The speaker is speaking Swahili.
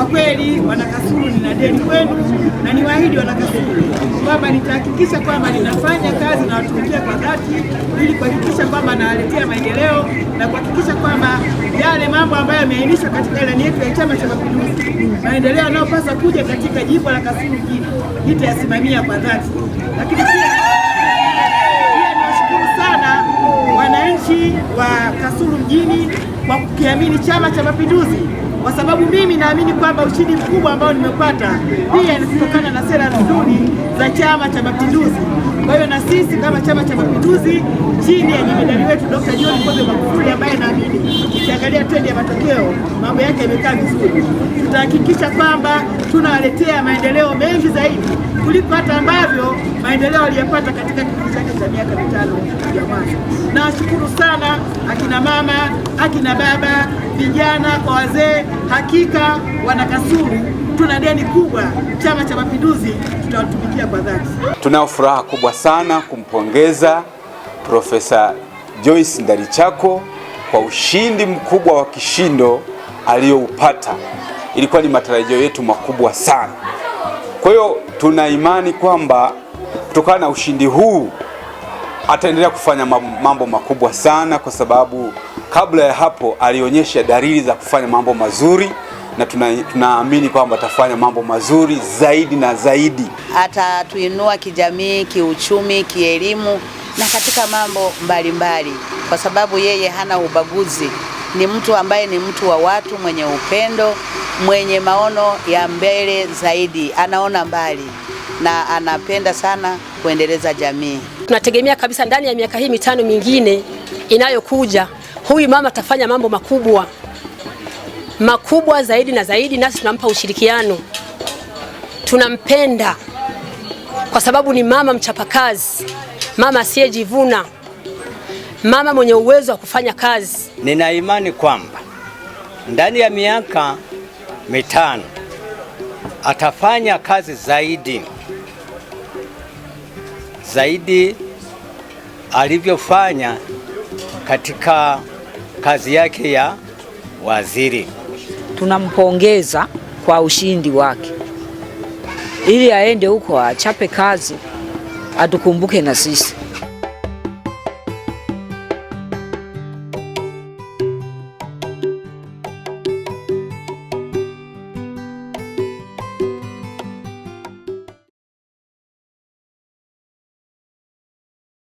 kwa kweli Wanakasulu nina deni kwenu, na niwaahidi Wanakasulu kwamba nitahakikisha kwamba ninafanya kazi na watumikia kwa dhati, ili kuhakikisha kwamba nawaletea maendeleo na kuhakikisha kwamba yale mambo ambayo yameainishwa katika ilani yetu ya Chama cha Mapinduzi, maendeleo yanayopaswa kuja katika jimbo la Kasulu mjini nitayasimamia kwa dhati, lakini wananchi wa Kasulu mjini kwa kukiamini Chama cha Mapinduzi kwa sababu mimi naamini kwamba ushindi mkubwa ambao nimepata pia ni kutokana na sera nzuri za Chama cha Mapinduzi. Kwa hiyo na sisi kama Chama cha Mapinduzi chini ya jemedari wetu Dr. John Pombe Magufuli ambaye naamini tukiangalia trendi ya matokeo mambo yake yamekaa vizuri, tutahakikisha kwamba tunawaletea maendeleo mengi zaidi kuliko hata ambavyo maendeleo aliyapata katika kipindi chake cha miaka mitano ya mwanzo. Nawashukuru sana akina mama, akina baba, vijana kwa wazee, hakika wana kasuru. Tuna deni kubwa. Chama cha Mapinduzi tutawatumikia kwa dhati. Tunao furaha kubwa sana kumpongeza Profesa Joyce Ndalichako kwa ushindi mkubwa wa kishindo aliyoupata. Ilikuwa ni matarajio yetu makubwa sana. Kwa hiyo tuna imani kwamba kutokana na ushindi huu ataendelea kufanya mambo makubwa sana, kwa sababu kabla ya hapo alionyesha dalili za kufanya mambo mazuri na tunaamini tuna kwamba atafanya mambo mazuri zaidi na zaidi, atatuinua kijamii, kiuchumi, kielimu na katika mambo mbalimbali mbali, kwa sababu yeye hana ubaguzi. Ni mtu ambaye ni mtu wa watu, mwenye upendo, mwenye maono ya mbele zaidi, anaona mbali na anapenda sana kuendeleza jamii. Tunategemea kabisa ndani ya miaka hii mitano mingine inayokuja, huyu mama atafanya mambo makubwa makubwa zaidi na zaidi, nasi tunampa ushirikiano, tunampenda kwa sababu ni mama mchapakazi, mama asiyejivuna, mama mwenye uwezo wa kufanya kazi. Nina imani kwamba ndani ya miaka mitano atafanya kazi zaidi zaidi alivyofanya katika kazi yake ya waziri tunampongeza kwa ushindi wake, ili aende huko achape kazi, atukumbuke na sisi.